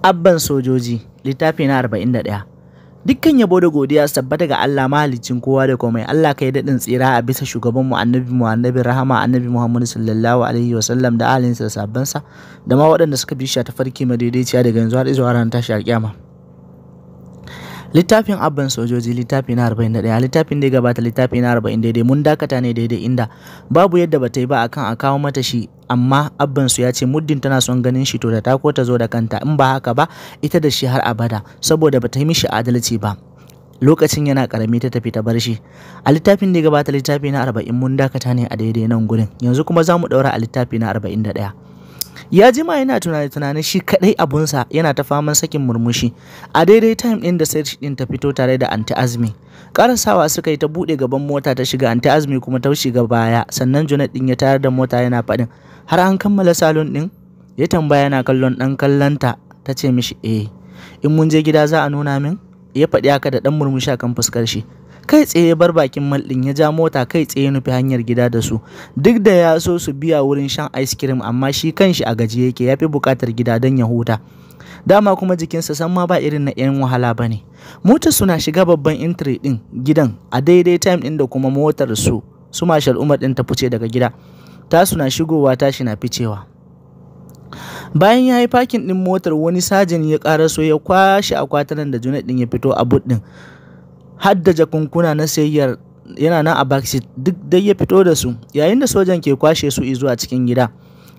Abban Sojoji, littafi na Arba'in da ɗaya. Dukkan yabo da godiya su tabbata ga Allah mahaliccin kowa da komai. Allah kai daɗin tsira a bisa shugaban mu annabi mu annabi rahama annabi Muhammadu sallallahu alaihi wa sallam da ahalinsa da sabbansa da ma waɗanda suka bi shi ta farki madaidaiciya daga yanzu har zuwa ranar tashi a alƙiyama. littafin abban sojoji littafi na 41 littafin da ya gabata littafi na 40 daidai mun dakata ne daidai inda babu yadda ba ta yi ba akan a kawo mata shi amma abban su ya ce muddin tana son ganin shi to da ta ko ta zo da kanta in ba haka ba ita da shi har abada saboda ba ta yi mishi adalci ba lokacin yana karami ta tafi ta bar shi a littafin da ya gabata littafi na 40 mun dakata ne a daidai nan gurin yanzu kuma za mu daura a littafi na 41 ya jima yana tunani-tunanin shi kadai abunsa yana ta faman sakin murmushi a daidai time din da sai din ta fito tare da anti azmi karasawa suka yi ta bude gaban mota ta shiga anti azmi kuma ta shiga baya sannan junet din ya tayar da mota yana faɗin har an kammala salon ɗin ya tambaya yana kallon ɗan kallonta ta ce mishi eh in mun je gida za a nuna min ya faɗi haka da ɗan murmushi akan fuskar shi kai tsaye bar bakin mal ya ja mota kai tsaye nufi hanyar gida da su duk da ya so su biya wurin shan ice cream amma shi kanshi a gaji yake ya fi buƙatar gida don ya huta dama kuma jikinsa san ma ba irin na 'yan wahala ba ne motar suna shiga babban intire ɗin gidan a daidai time ɗin da kuma motar su su mashal umar din ta fice daga gida tasu na shigowa tashi na ficewa bayan ya yi fakin ɗin motar wani sajin ya karaso ya kwashe akwatunan da junet din ya fito a bud din hadda jakunkuna na sayayyar yana nan a backseat duk dai ya fito da su yayin da sojan ke kwashe su a cikin gida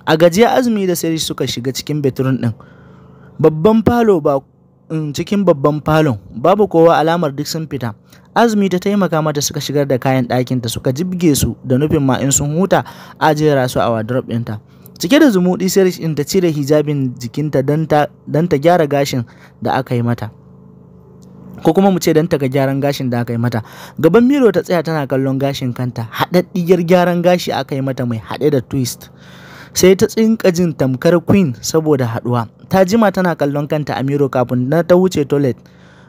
a gajiya azumi da sai suka shiga cikin betrun din babban falo ba mm, cikin babban falon babu kowa alamar duk sun fita azumi ta taimaka mata suka shigar da kayan ɗakinta suka jibge su da nufin ma in sun huta a jera su a wardrobe ɗinta cike da zumuɗi sai ta cire hijabin jikinta don ta gyara gashin da aka yi mata ko kuma mu ce don ta ga gyaran gashin da aka yi mata gaban miro ta tsaya tana kallon gashin kanta haɗaɗɗiyar gyaran gashi aka yi mata mai haɗe da twist sai ta tsinka jin tamkar queen saboda haɗuwa ta jima tana kallon kanta a miro kafin na ta wuce toilet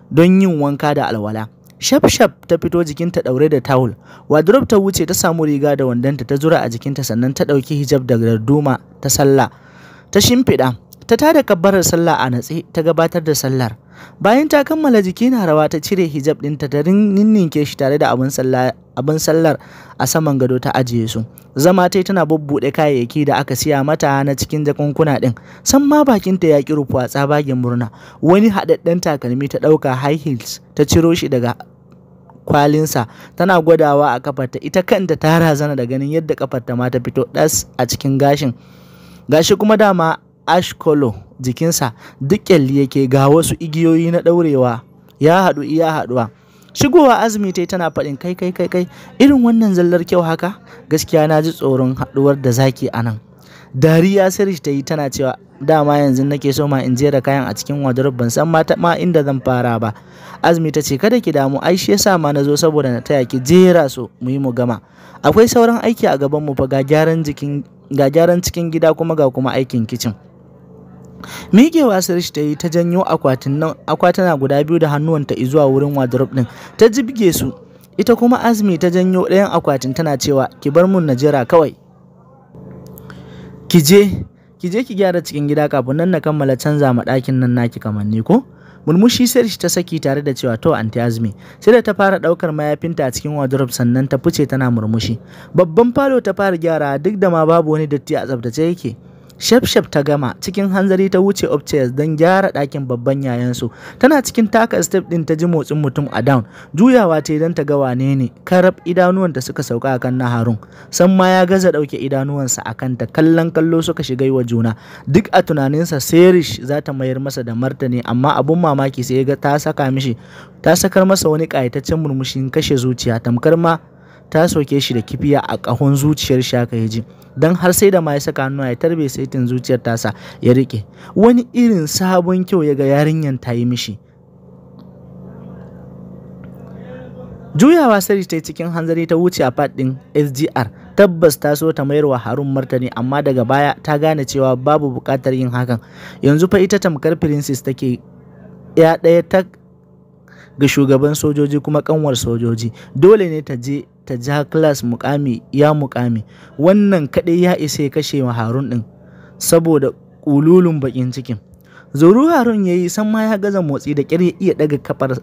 don yin wanka da alwala shaf shaf ta fito jikinta ɗaure da tawul wardrobe ta wuce ta samu riga da wandonta ta zura a jikinta sannan ta ɗauki hijab da duma ta sallah ta shimfiɗa ta da kabbarar sallah a natse ta gabatar da sallar bayan ta kammala jiki na rawa ta cire hijab ɗinta ta ninninke shi tare da abin sallar a saman gado ta ajiye su zama tai tana bubbuɗe kayayyaki da aka siya mata na cikin jakunkuna ɗin san ma bakinta ya ƙi rufuwa tsabagen murna wani haɗaɗɗen takalmi ta ɗauka high heels ta ciro shi daga kwalinsa tana gwadawa a kafarta ita kanta ta razana da ganin yadda kafarta ma ta fito ɗas a cikin gashin gashi kuma dama ashkolo jikinsa duk kyalli yake ga wasu igiyoyi na ɗaurewa ya haɗu iya haɗuwa shigowa azumi ta tana faɗin kai kai kai kai irin wannan zallar kyau haka gaskiya na ji tsoron haɗuwar da zaki a nan dariya sirish ta yi tana cewa dama yanzu nake so ma in jera kayan a cikin wardrobe ban san mata ma inda zan fara ba azumi ta ce kada ki damu ai shi yasa ma nazo saboda na taya ki jera so mu yi mu gama akwai sauran aiki a gaban mu fa ga gyaran jikin ga gyaran cikin gida kuma ga kuma aikin kicin miƙewa sirish ta yi ta janyo akwatuna guda biyu da hannuwanta zuwa wurin wardrobe din ta jibge su ita kuma azumi ta janyo ɗayan akwatin tana cewa ki bar mun na jira kawai ki je ki gyara cikin gida kafin nan na kammala canza ma ɗakin nan naki kamanni ko murmushi sirish ta saki tare da cewa to anti azumi sai da ta fara ɗaukar mayafinta a cikin wardrobe sannan ta fice tana murmushi babban falo ta fara gyara duk da ma babu wani datti a tsaftace yake shafshaf ta gama cikin hanzari ta wuce upstairs don gyara ɗakin babban yayansu tana cikin taka step ɗin ta ji motsin mutum a down juyawa ta don ta ga wane ne karab idanuwanta suka sauka kan na harun san ma ya gaza ɗauke idanuwansa a kanta kallon kallo suka shiga yi wa juna duk a tunaninsa serish za ta mayar masa da martani amma abun mamaki sai ya ga ta saka mishi ta sakar masa wani ƙayataccen murmushin kashe zuciya tamkar ma ta soke shi da kifiya a ƙahon zuciyar shi ya ji don har sai da ma ya saka hannu ya tarbe saitin zuciyar tasa ya rike wani irin sabon kyau ya ga yarinyar ta yi mishi juyawa sari ta cikin hanzari ta wuce a faɗin sgr tabbas ta so ta mayarwa wa harun martani amma daga baya ta gane cewa babu buƙatar yin hakan yanzu fa ita tamkar princess take ya ɗaya ta ga shugaban sojoji kuma kanwar sojoji dole ne ta je ta ja class mukami ya mukami wannan kaɗai ya isa ya kashe wa harun ɗin saboda ƙululun baƙin cikin Zoro Harun ya yi san ma ya gaza motsi da ƙyar ya iya daga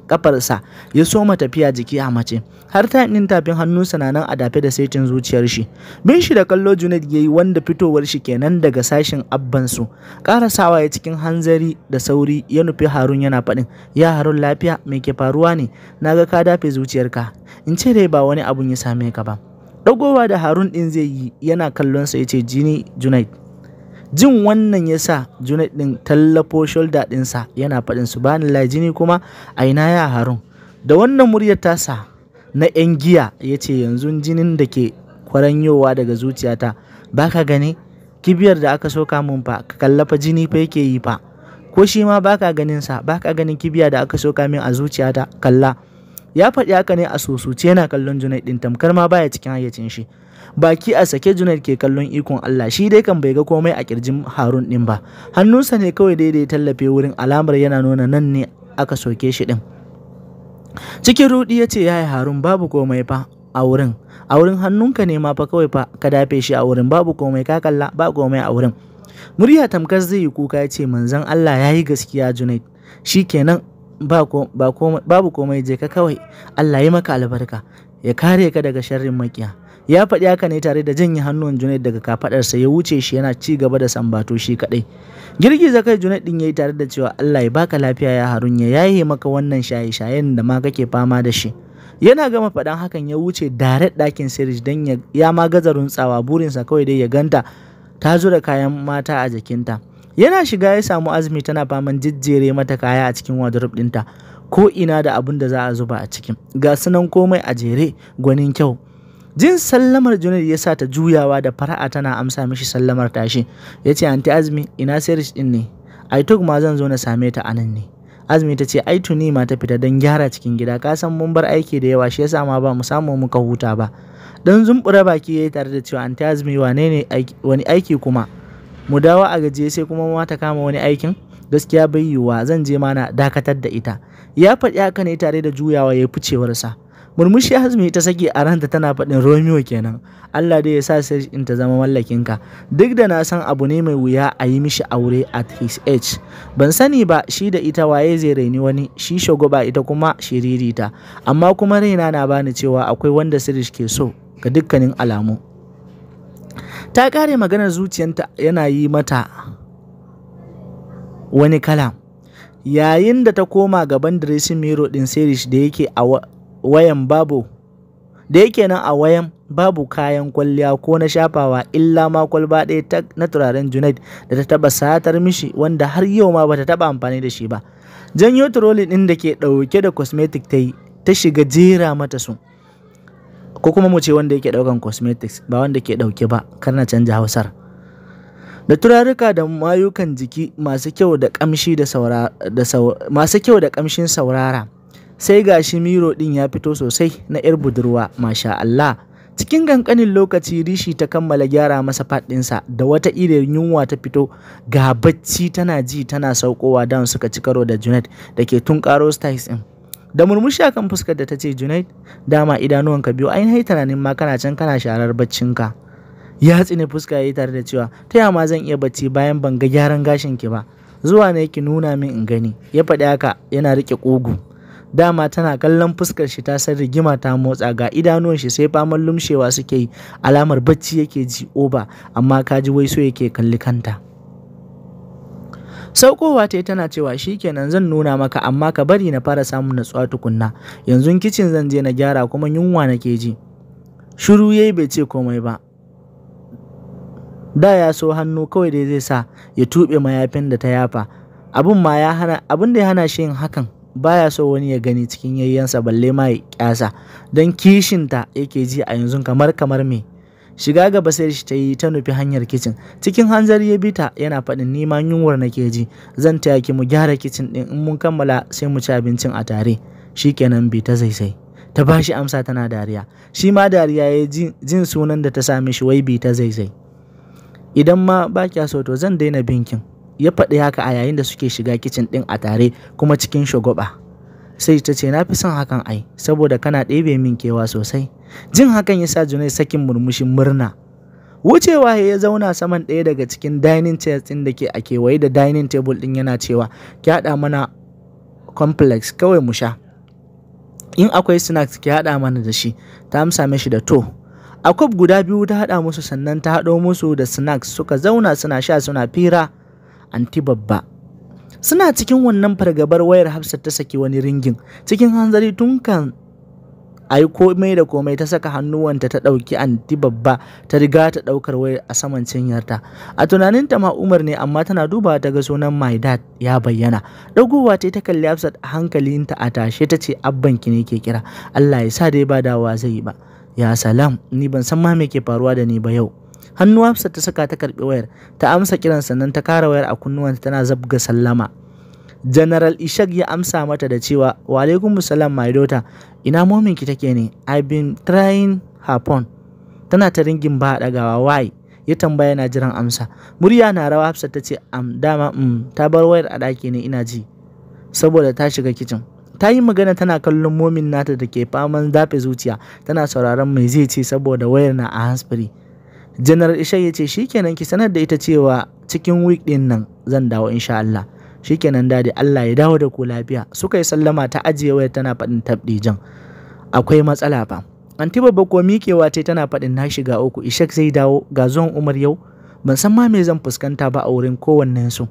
kafarsa ya soma tafiya jiki a mace har ta yin tafin hannunsa na nan a dafe da saitin zuciyar shi. Bin shi da kallo Junaid ya yi wanda fitowar shi kenan daga sashin abbansu. karasawa ya cikin hanzari da sauri ya nufi Harun yana faɗin ya Harun lafiya me ke faruwa ne na ga ka dafe zuciyarka in ce dai ba wani abun ya same ka ba. Dagowa da Harun ɗin zai yi yana kallonsa ya ce jini Junaid. jin wannan ya sa junaid din tallafo shoulder ɗinsa yana faɗin su bani lajini kuma a ina ya harun da wannan muryar tasa na 'yan giya ya ce yanzu jinin da ke kwaranyowa daga zuciyata ba ka gani kibiyar da aka soka mun fa ka kallafa jini fa yake yi fa ko shi ma baka ganin sa baka ganin kibiya da aka soka min a zuciyata kalla ya faɗi haka ne a sosuce yana kallon Junaid din tamkar ma baya cikin hayyacin shi baki a sake Junaid ke kallon ikon Allah shi dai kan bai ga komai a kirjin Harun din ba hannunsa ne kawai daidai tallafe wurin alamar yana nuna nan ne aka soke shi din cikin rudi ya ce yaya Harun babu komai fa a wurin a wurin hannunka ne ma fa kawai fa ka dafe shi a wurin babu komai ka kalla ba komai a wurin murya tamkar zai yi kuka ya ce manzon Allah ya yi gaskiya Junaid shikenan babu komai je ka kawai Allah ya maka albarka ya kare ka daga sharrin makiya ya faɗi haka ne tare da janye hannun junaid daga kafaɗarsa ya wuce shi yana ci gaba da sambato shi kaɗai girgiza kai junaid din yayi tare da cewa allah ya baka lafiya ya harun ya yaye maka wannan shaye-shayen da ma kake fama da shi yana gama faɗan hakan ya wuce daret ɗakin sirij don ya ma gaza runtsawa burinsa kawai dai ya ganta ta zura kayan mata a jikinta yana shiga ya samu azumi tana faman jijjere mata kaya a cikin wardrobe ɗinta ko ina da abun da za a zuba a cikin ga sunan komai a jere gwanin kyau jin sallamar junaid ya sa ta juyawa da fara'a tana amsa mishi sallamar tashi ya ce anti azumi ina sirish din ne ai ma zan zo na same ta anan ne azumi ta ce ai tuni ma ta fita don gyara cikin gida kasan mun bar aiki da yawa shi yasa ma ba mu samu muka huta ba dan zumbura baki yayi tare da cewa anti azumi wane ne wani aiki kuma mu dawo a gaje sai kuma ma ta kama wani aikin gaskiya bai yiwuwa zan je mana dakatar da ita ya faɗi haka ne tare da juyawa ya fi cewarsa murmushi hazmi ta saki a ranta tana faɗin romeo kenan allah dai ya sa sai in ta zama mallakinka duk da na san abu ne mai wuya a yi mishi aure at his age ban sani ba shi da ita waye zai raini wani shi shagoba ita kuma shiririta amma kuma raina na bani cewa akwai wanda sirish ke so ga dukkanin alamu ta kare maganar zuciyanta yana yi mata wani kala, yayin da ta koma gaban dressing mirror din sirish da yake a wayan babu da yake nan a wayan babu kayan kwalliya ko na shafawa illa ma kwalba ɗaya ta na turaren junaid da ta taba satar mishi wanda har yau ma bata taba amfani da shi ba janyo turoli ɗin da ke ɗauke da cosmetic ta yi ta shiga jera mata su ko kuma mu ce wanda yake ɗaukan cosmetics ba wanda ke ɗauke ba kar na canja hausar da turaruka da mayukan jiki masu kyau da ƙamshin da masu kyau da ƙamshin saurara sai gashi miro din ya fito sosai na 'yar budurwa masha Allah cikin kankanin lokaci rishi ta kammala gyara masa faɗinsa da wata irin yunwa ta fito ga bacci tana ji tana saukowa don suka ci karo da junaid da ke tun karo styles ɗin da murmushi akan fuskar da ta ce junaid dama idanuwanka biyu ainihin tunanin ma kana can kana sharar baccinka ya tsine fuska ya yi tare da cewa ta ma zan iya bacci bayan ban ga gyaran gashin ki ba zuwa ne ki nuna min in gani ya faɗi haka yana rike ƙugu dama tana kallon fuskar shi ta san rigima ta motsa ga idanuwan shi sai faman lumshewa suke yi alamar bacci yake ji oba amma kaji wai so yake kalli kanta saukowa ta tana cewa shi kenan zan nuna maka amma ka bari na fara samun natsuwa tukunna yanzu kicin zan je na gyara kuma yunwa nake ji shiru yayi bai ce komai ba da ya so hannu kawai dai zai sa ya tuɓe mayafin da ta yafa abun ma ya hana abin da ya hana shi yin hakan baya so wani ya gani cikin yayyansa balle ma ya kyasa don kishinta yake ji a yanzu kamar kamar me shiga gaba sai shi ta yi ta nufi hanyar kicin cikin hanzari ya bita yana faɗin neman yunwar ke ji zan taya ki mu gyara kicin ɗin in mun kammala sai mu ci abincin a tare shikenan bi ta zaizai ta bashi amsa tana dariya shi ma dariya ya jin sunan da ta same shi wai bi ta zaizai idan ma ba kya so to zan daina binkin ya faɗi haka a yayin da suke shiga kicin ɗin a tare kuma cikin shugaba. sai ta ce na fi son hakan ai saboda kana ɗebe min kewa sosai jin hakan ya sa junai sakin murmushin murna wucewa ya zauna saman ɗaya daga cikin dining chairs ɗin da ke a kewaye da dining table ɗin yana cewa ki haɗa mana complex kawai mu sha in akwai snacks ki haɗa mana da shi ta amsa mishi da to a guda biyu ta haɗa musu sannan ta haɗo musu da snacks suka zauna suna sha suna fira anti babba suna cikin wannan fargabar wayar hafsat ta saki wani ringin cikin hanzari tun kan ai komai da komai ta saka hannuwanta ta ɗauki anti babba ta riga ta ɗaukar wayar a saman cinyarta a tunaninta ma umar ne amma tana duba ta ga sunan my dad ya bayyana ɗagowa ta ta kalli hafsat a hankalinta a tashe ta ce abban ki ne ke kira allah ya sa dai ba dawa zai yi ba ya salam ni ban san ma me ke faruwa da ni ba yau hannu hafsat ta saka ta karbi wayar ta amsa kiran sannan ta kara wayar a kunnuwanta tana zabga sallama general ishak ya amsa mata da cewa wa alaikum salam my daughter ina momin ki take ne i been trying her phone tana ta ringin ba dagawa why ya tambaya na jiran amsa murya na rawa hafsa ta ce am dama um ta bar wayar a daki ne ina ji saboda ta shiga kicin ta yi magana tana kallon momin nata da ke faman dafe zuciya tana sauraron mai zai ce saboda wayar na a hansfiri janar isha ya ce shikenan ki sanar da ita cewa cikin week din nan zan dawo insha Allah shikenan dadi Allah ya dawo da ku lafiya suka yi sallama ta ajiye waya tana faɗin jan, akwai matsala fa anti babba ko miƙewa ce tana faɗin na shiga uku ishak zai dawo ga zuwan umar yau ban san ma me zan fuskanta ba a wurin kowannen su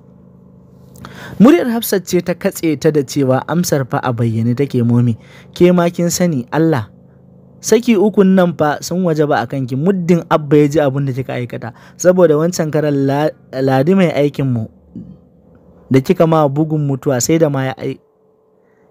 muryar hafsat ce ta katse ta da cewa amsar fa a bayyane take momi ke ma kin sani Allah saki ukun nan fa sun waje ba a ki muddin abba ya ji abin da kika aikata saboda wancan karar ladi mai aikin mu da kika ma bugun mutuwa sai da ma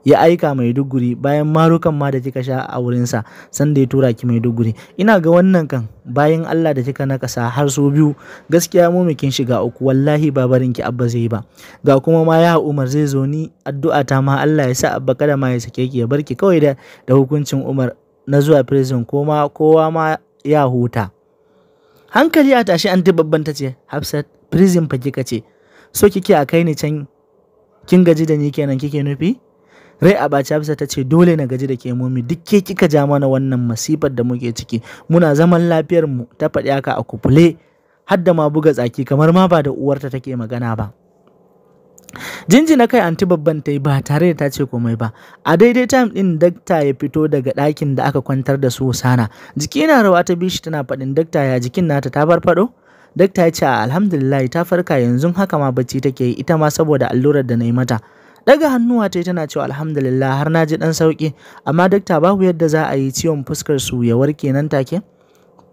ya aika mai duguri bayan marukan ma da kika sha a wurin wurinsa sanda ya tura ki mai duguri ina ga wannan kan bayan Allah da kika nakasa har so biyu gaskiya mu kin shiga uku wallahi ba ki abba zai ba ga kuma ma ya Umar zai zo ni addu'a ta ma Allah ya sa abba kada ma ya sake ki ya barki kawai da hukuncin Umar na zuwa prison kuma kowa ma ya huta hankali a tashi anti babban ta ce hafsat prison fa kika ce so kike a kai ni can kin gaji da ni kenan kike nufi rai abaci hafsa ta ce dole na gaji da ke momi duk ke kika ja mana wannan masifar da muke ciki muna zaman lafiyar mu ta faɗi haka a kufule har da ma buga tsaki kamar ma ba da uwarta take magana ba Jinji na kai anti babban ta yi ba tare da ta ce komai ba a daidai time ɗin, dakta ya fito daga ɗakin da aka kwantar da su sana jiki na rawa ta bishi tana faɗin dakta ya jikin nata ta farfaɗo dakta ya ce alhamdulillah ta farka yanzu haka ma bacci take yi ita ma saboda allurar da na yi mata daga hannuwa ta tana cewa alhamdulillah har na ji dan sauki amma dakta babu yadda za a yi ciwon fuskar su ya warke nan take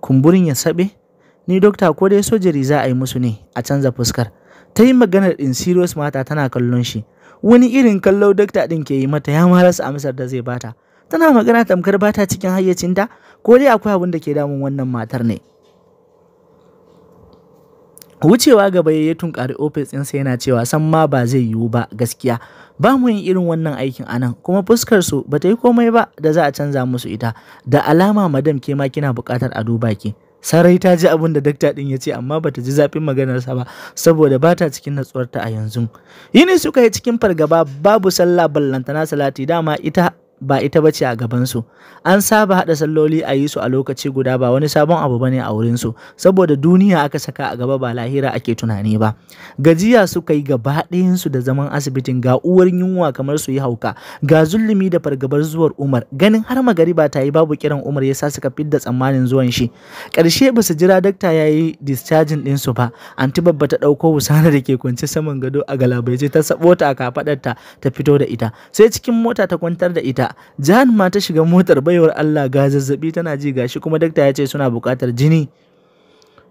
kumburin ya saɓe ni dokta ko dai sojiri za a yi musu ne a canza fuskar ta yi maganar in serious mata tana kallon shi wani irin kallo dakta ɗin ke yi mata ya ma rasa amsar da zai bata tana magana tamkar bata cikin hayyacinta ko dai akwai abin da ke damun wannan matar ne wucewa gaba ya tunkari ofis ɗin ɗinsa yana cewa san ma ba zai yiwu ba gaskiya ba mu yin irin wannan aikin anan kuma fuskar su ba ta yi komai ba da za a canza musu ita da alama madam ke ma kina buƙatar a duba ki sarai ta ji abin da dakta din ya ce amma bata ji zafin maganarsa ba saboda bata cikin natsuwarta a yanzu yini suka yi cikin fargaba babu sallah ballantana salati dama ita ba ita bace a gabansu an saba haɗa salloli a yi su a lokaci guda ba wani sabon abu bane a wurin su. saboda duniya aka saka a gaba ba lahira ake tunani ba gajiya suka yi gaba su da zaman asibitin ga uwar yunwa kamar su yi hauka ga zulumi da fargabar zuwar umar ganin har magariba ta yi babu kiran umar ya sa suka fidda tsammanin zuwan shi ƙarshe ba su jira dakta ya yi discharging su ba anti babba ta ɗauko wusana da ke kwance saman gado a galabaice ta sabota a kafaɗarta ta fito da ita sai cikin mota ta kwantar da ita ta ma ta shiga motar baiwar Allah ga zazzabi tana ji gashi kuma dakta ya ce suna buƙatar jini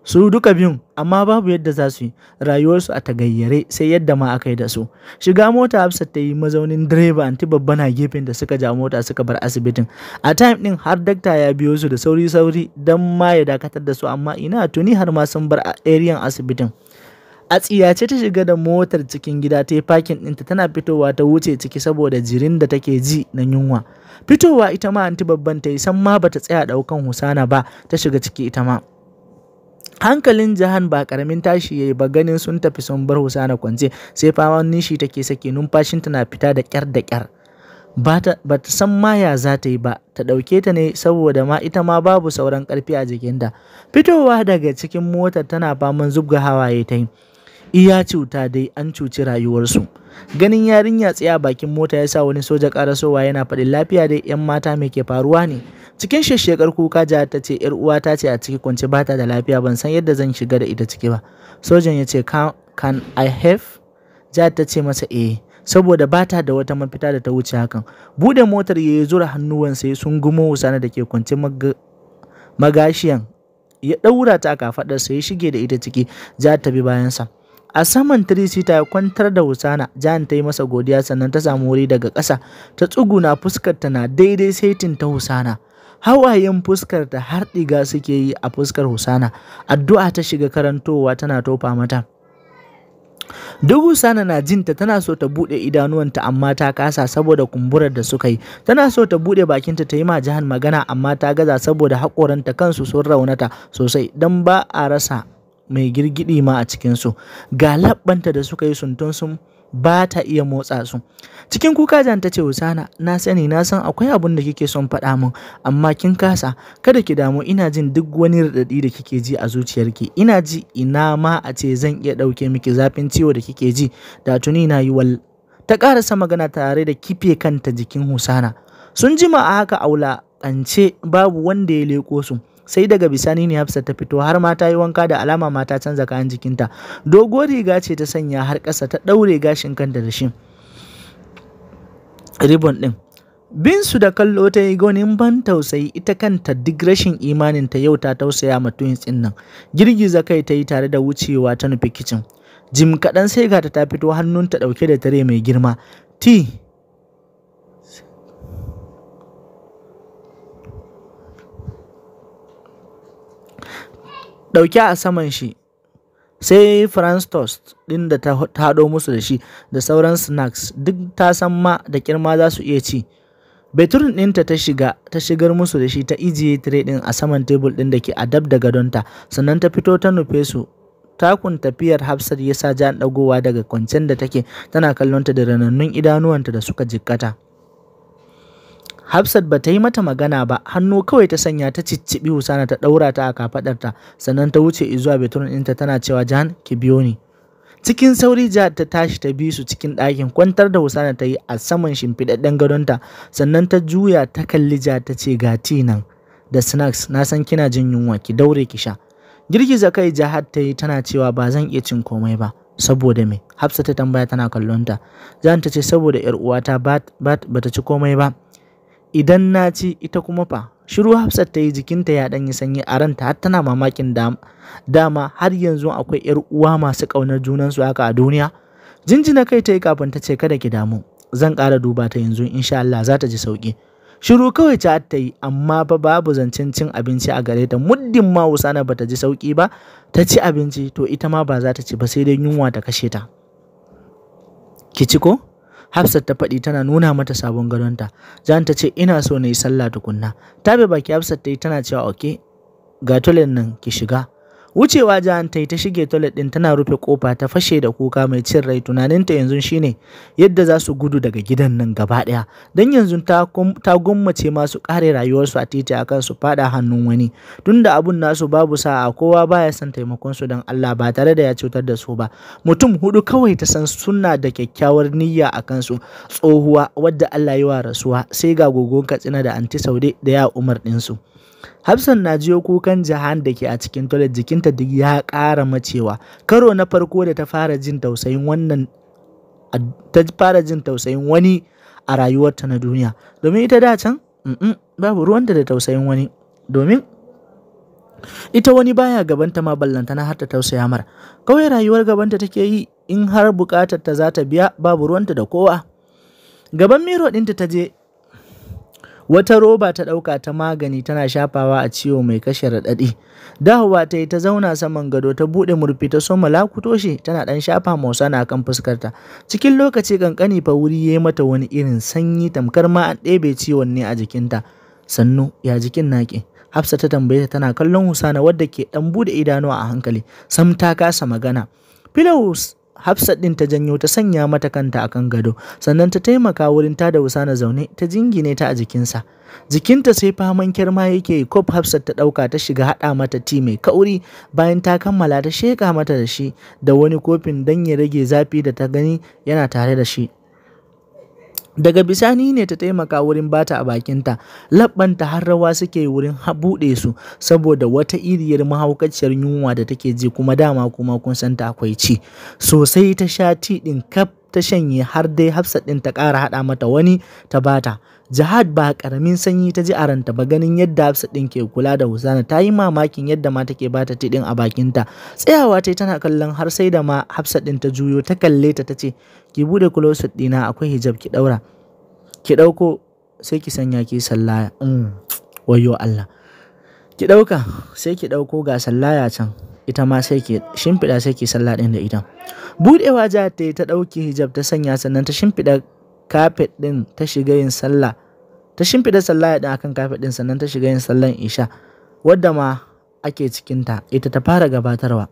su duka biyun amma babu yadda za su yi rayuwarsu a tagayyare sai yadda ma aka yi da su shiga mota hafsat ta yi mazaunin direba anti babba na gefen da suka ja mota suka bar asibitin a time din har dakta ya biyo su da sauri sauri don ma ya dakatar da su amma ina tuni har ma sun bar a asibitin a tsiyace ta shiga da motar cikin gida ta yi fakin ɗinta tana fitowa ta wuce ciki saboda jirin da take ji na yunwa fitowa ita ma anti babban ta yi san ma bata tsaya ɗaukan husana ba ta shiga ciki ita ma hankalin jahan ba karamin tashi yayi ba ganin sun tafi sun bar husana kwance sai fama nishi take sake numfashin tana fita da kyar da kyar ba ta san ma ya za ta yi ba ta ɗauke ta ne saboda ma ita ma babu sauran ƙarfi a jikinta fitowa daga cikin motar tana faman zubga hawaye ta yi Iya cuta dai an cuci rayuwarsu. Ganin yarinya tsaya bakin mota ya sa wani soja karasowa yana faɗin lafiya dai 'yan mata me ke faruwa ne. Cikin shekar kuka jihar ta ce 'yar uwa ta ce a ciki kwance ba ta da lafiya ban san yadda zan shiga da ita ciki ba. Sojan ya ce can I have? Jihar ta ce masa eh. saboda ba ta da wata mafita da ta wuce hakan bude motar ya yi zura hannuwansa sun gumo husana da ke kwance magashiyan ya ɗaura ta a kafaɗarsa ya shige da ita ciki ja ta bi bayansa a saman tirisita ya kwantar da Husana Jan ta yi masa godiya sannan ta samu wuri daga ƙasa ta tsuguna fuskar ta na daidai saitin ta Husana hawayen fuskar ta har ɗiga suke yi a fuskar Husana addu'a ta shiga karantowa tana tofa mata duk Husana na jinta tana so ta buɗe idanuwanta amma ta kasa saboda kumburar da suka yi tana so ta buɗe bakinta ta yi ma jahan magana amma ta gaza saboda haƙoranta kansu sun raunata sosai don ba a rasa mai girgidi ma a cikinsu ga labbanta da suka yi suntunsun ba ta iya motsa su cikin kuka jan ta ce usana na sani na san akwai abin da kike son faɗa min amma kin kasa kada ki damu ina jin duk wani raɗaɗi da kike ji a zuciyarki ina ji ina ma a ce zan iya ɗauke miki zafin ciwo da kike ji da tuni na yi wal ta ƙarasa magana tare da kife kanta jikin husana sun jima a haka aula kance babu wanda ya leko su sai daga bisani ne hafsa ta fito har ma ta yi wanka da alama ma ta canza kayan jikinta doguwar riga ce ta sanya har ƙasa ta ɗaure gashin kanta da shi ribon ɗin bin su da kallo ta yi gonin ban tausayi ita kanta duk rashin imanin ta yau ta tausaya ma twins nan girgiza kai ta yi tare da wucewa ta nufi kicin jim kaɗan sai ga ta fito hannunta ɗauke da tare mai girma ti ɗauki a saman shi sai france toast ɗin da ta haɗo musu da shi da sauran snacks duk ta san ma da kirma za su iya ci Betrun ɗinta ta shiga ta shigar musu da shi ta ijiye tire ɗin a saman tebul ɗin da ke a dab da gadonta sannan ta fito ta nufe su takun tafiyar hafsat ya sa jan ɗagowa daga kwancen da take tana kallonta da ranannun idanuwanta da suka jikkata. Hafsat ba ta yi mata magana ba, hannu kawai ta sanya ta ciccibi Husana ta ɗaura ta a kafaɗarta, sannan ta wuce zuwa betun ɗinta tana cewa jihan ki biyo ni. Cikin sauri Jihar ta tashi ta bi su cikin ɗakin kwantar da Husana ta yi a saman shimfiɗaɗɗen gadonta, sannan ta juya ta kalli Jihar ta ce ga nan da snacks na san kina jin yunwa ki daure ki sha. Girgiza kai Jihar ta yi tana cewa ba zan iya cin komai ba. saboda me hafsa ta tambaya tana kallonta zan ta ce saboda yar uwata ba bata ci komai ba idan na ci ita kuma fa shiru hafsat ta yi jikinta ya yi sanyi a ranta har tana mamakin dama har yanzu akwai yar uwa masu ƙaunar junansu haka a duniya jinjina kai ta yi kafin ta ce kada ki damu zan ƙara duba ta yanzu insha Allah za ta ji sauƙi shiru kawai ta ta yi amma fa babu zancen cin abinci a gare ta muddin ma usana ta ji sauƙi ba ta ci abinci to ita ma ba za ta ci ba sai dai yunwa ta kashe ta ki ci ko Hafsat ta faɗi tana nuna mata sabon gadonta. Jan ta ce ina so na yi sallah tukunna. bai baki Hafsat ta yi tana cewa oke ga tulen nan ki shiga. Wucewa jihar ta yi ta shige toilet ɗin tana rufe kofa ta fashe da kuka mai cin rai tunaninta yanzu shine yadda za su gudu daga gidan nan gaba ɗaya. Don yanzu ta gwammace masu kare rayuwarsu a titi akan su faɗa hannun wani. Tunda abun nasu babu sa'a kowa baya son taimakon su don Allah ba tare da ya cutar da su ba. Mutum hudu kawai ta san suna da kyakkyawar niyya a kansu tsohuwa wadda Allah yi wa rasuwa sai ga gogon Katsina da Anti Saude da ya Umar ɗinsu. Hafsan na jiyo kukan Jahan da ke a cikin toilet jikinta duk ya ƙara macewa. Karo na farko da ta fara jin tausayin wannan ta fara jin tausayin wani a rayuwarta na duniya. Domin ita da can babu ruwanta da tausayin wani. Domin ita wani baya gabanta ma ballanta har ta tausaya mara. Kawai rayuwar gabanta take yi in har bukatar ta za ta biya babu ruwanta da kowa. Gaban miro ɗinta ta je wata roba ta ɗauka ta magani tana shafawa a ciwo mai kashe raɗaɗi dahuwa ta yi ta zauna saman gado ta buɗe murfi ta soma lakuto shi tana ɗan shafa mausana kan fuskarta cikin lokaci kankani fa wuri ya yi mata wani irin sanyi tamkar ma an ɗebe ciwon ne a jikinta sannu ya jikin naƙi hafsa ta tambaye ta tana kallon husana wadda ke ɗan buɗe idanu a hankali sam ta kasa magana pillows Hafsat ɗin ta janyo ta sanya mata kanta a kan gado, sannan ta taimaka wurin ta da Usana zaune ta jingine ta a jikinsa. Jikinta sai faman kirma yake kof Hafsat ta ɗauka ta shiga haɗa mata ti mai kauri bayan ta kammala ta sheƙa mata da shi da wani kofin don ya rage zafi da ta gani yana tare da shi. daga bisani ne ta taimaka wurin bata a bakinta labbanta har rawa suke wurin buɗe su saboda wata iriyar mahaukaciyar yunwa da take ji kuma dama kuma kun santa akwai ci sosai ta sha ti kaf ta shanye har dai hafsat ɗin ta ƙara haɗa mata wani ta bata jihad ba ƙaramin sanyi ta ji a ranta ba ganin yadda hafsat ɗin ke kula da husana ta yi mamakin yadda ma take bata tiɗin a bakinta tsayawa ta tana kallon har sai da ma hafsat ɗin ta juyo ta kalle ta ta ce ki bude kuloset ɗina akwai hijab ki ɗaura ki ɗauko sai ki sanya ki sallaya mm, wayo Allah ki ɗauka sai ki ɗauko ga sallaya can ita ma sai ke shimfiɗa sai ke sallah ɗin da ita buɗewa jihar ta yi ta ɗauki hijab ta sanya sannan ta shimfiɗa kafet ɗin ta shiga yin sallah ta shimfiɗa sallah ɗin akan kafet ɗin sannan ta shiga yin sallan isha wadda ma ake cikinta ita ta fara gabatarwa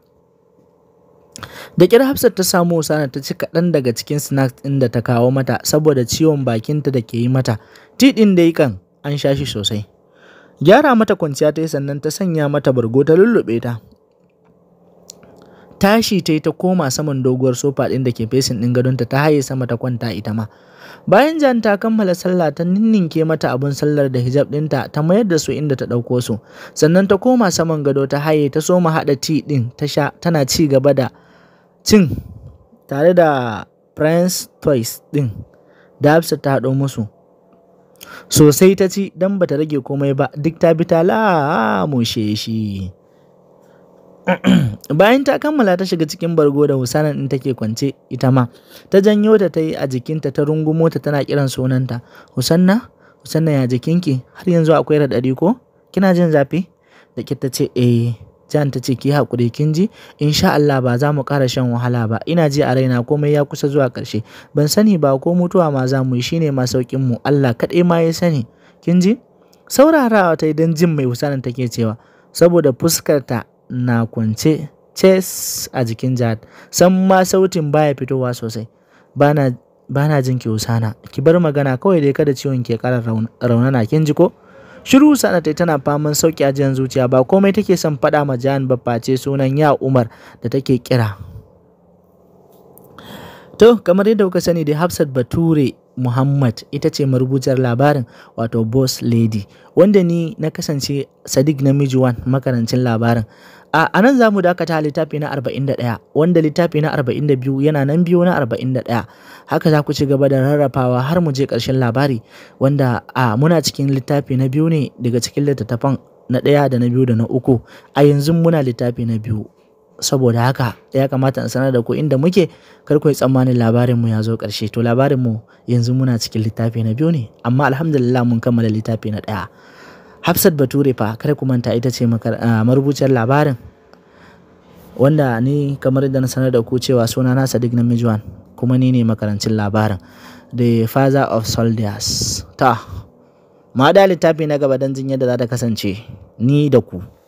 da ƙyar hafsat ta samu sana ta ci kaɗan daga cikin snacks ɗin da ta kawo mata saboda ciwon bakinta da ke yi mata tiɗin da kan an sha shi sosai gyara mata kwanciya ta yi sannan ta sanya mata bargo ta lullube ta tashi ta yi ta koma saman doguwar sofa ɗin da ke fesin ɗin gadonta ta haye sama ta kwanta ita ma bayan jan ta kammala sallah ta ninninke mata abin sallar da hijab ɗinta ta mayar da su inda ta ɗauko su sannan ta koma saman gado ta haye ta soma haɗa ti ɗin ta sha tana ci gaba da cin tare da prince toys ɗin da hafsa ta haɗo musu sosai ta ci don bata rage komai ba duk ta bi ta lamushe shi bayan ta kammala ta shiga cikin bargo da husanan in take kwance ita ma ta janyo ta ta a jikinta ta rungumo ta tana kiran sunanta husanna husanna ya jikinki har yanzu akwai raɗaɗi ko kina jin zafi da ta ce eh jan ta ce ki haƙuri kin ji insha Allah ba za mu ƙara shan wahala ba ina ji a raina komai ya kusa zuwa ƙarshe ban sani ba ko mutuwa ma za mu yi shine ma saukin mu Allah kaɗai ma ya sani kin ji saurarawa ta idan jin mai husanan take cewa saboda fuskarta na kwance ces a jikin jihar san ma sautin baya fitowa sosai ba na jin ki usana ki bar magana kawai dai kada ciwon ke kara raunana kin ji ko shiru sana ta tana faman sauki ajiyar zuciya ba komai take son fada ma jihan ba sunan ya umar da take kira to kamar yadda kuka sani da hafsat bature Muhammad ita ce marubuciyar labarin wato Boss Lady wanda ni na kasance Sadiq Namiji 1 makarancin labarin a nan za mu dakata littafi na 41 wanda littafi na 42 yana nan biyu na 41 haka za ku ci gaba da rarrafawa har mu je ƙarshen labari wanda a muna cikin littafi na biyu ne daga cikin littattafan na ɗaya da na biyu da na uku a yanzu muna littafi na biyu saboda haka ya kamata in sanar da ku inda muke kar ku yi tsammanin labarinmu ya zo ƙarshe to labarinmu yanzu muna cikin littafi na biyu ne amma alhamdulillah mun kammala littafi na ɗaya Hafsat Bature fa kare ku manta ita ce ah, marubuciyar labarin wanda ni kamar da na sanar da ku cewa suna na Sadiq Namijwan kuma ni ne makarancin labarin The Father of Soldiers ta ma da littafi na gaba don jin yadda za ta kasance ni da ku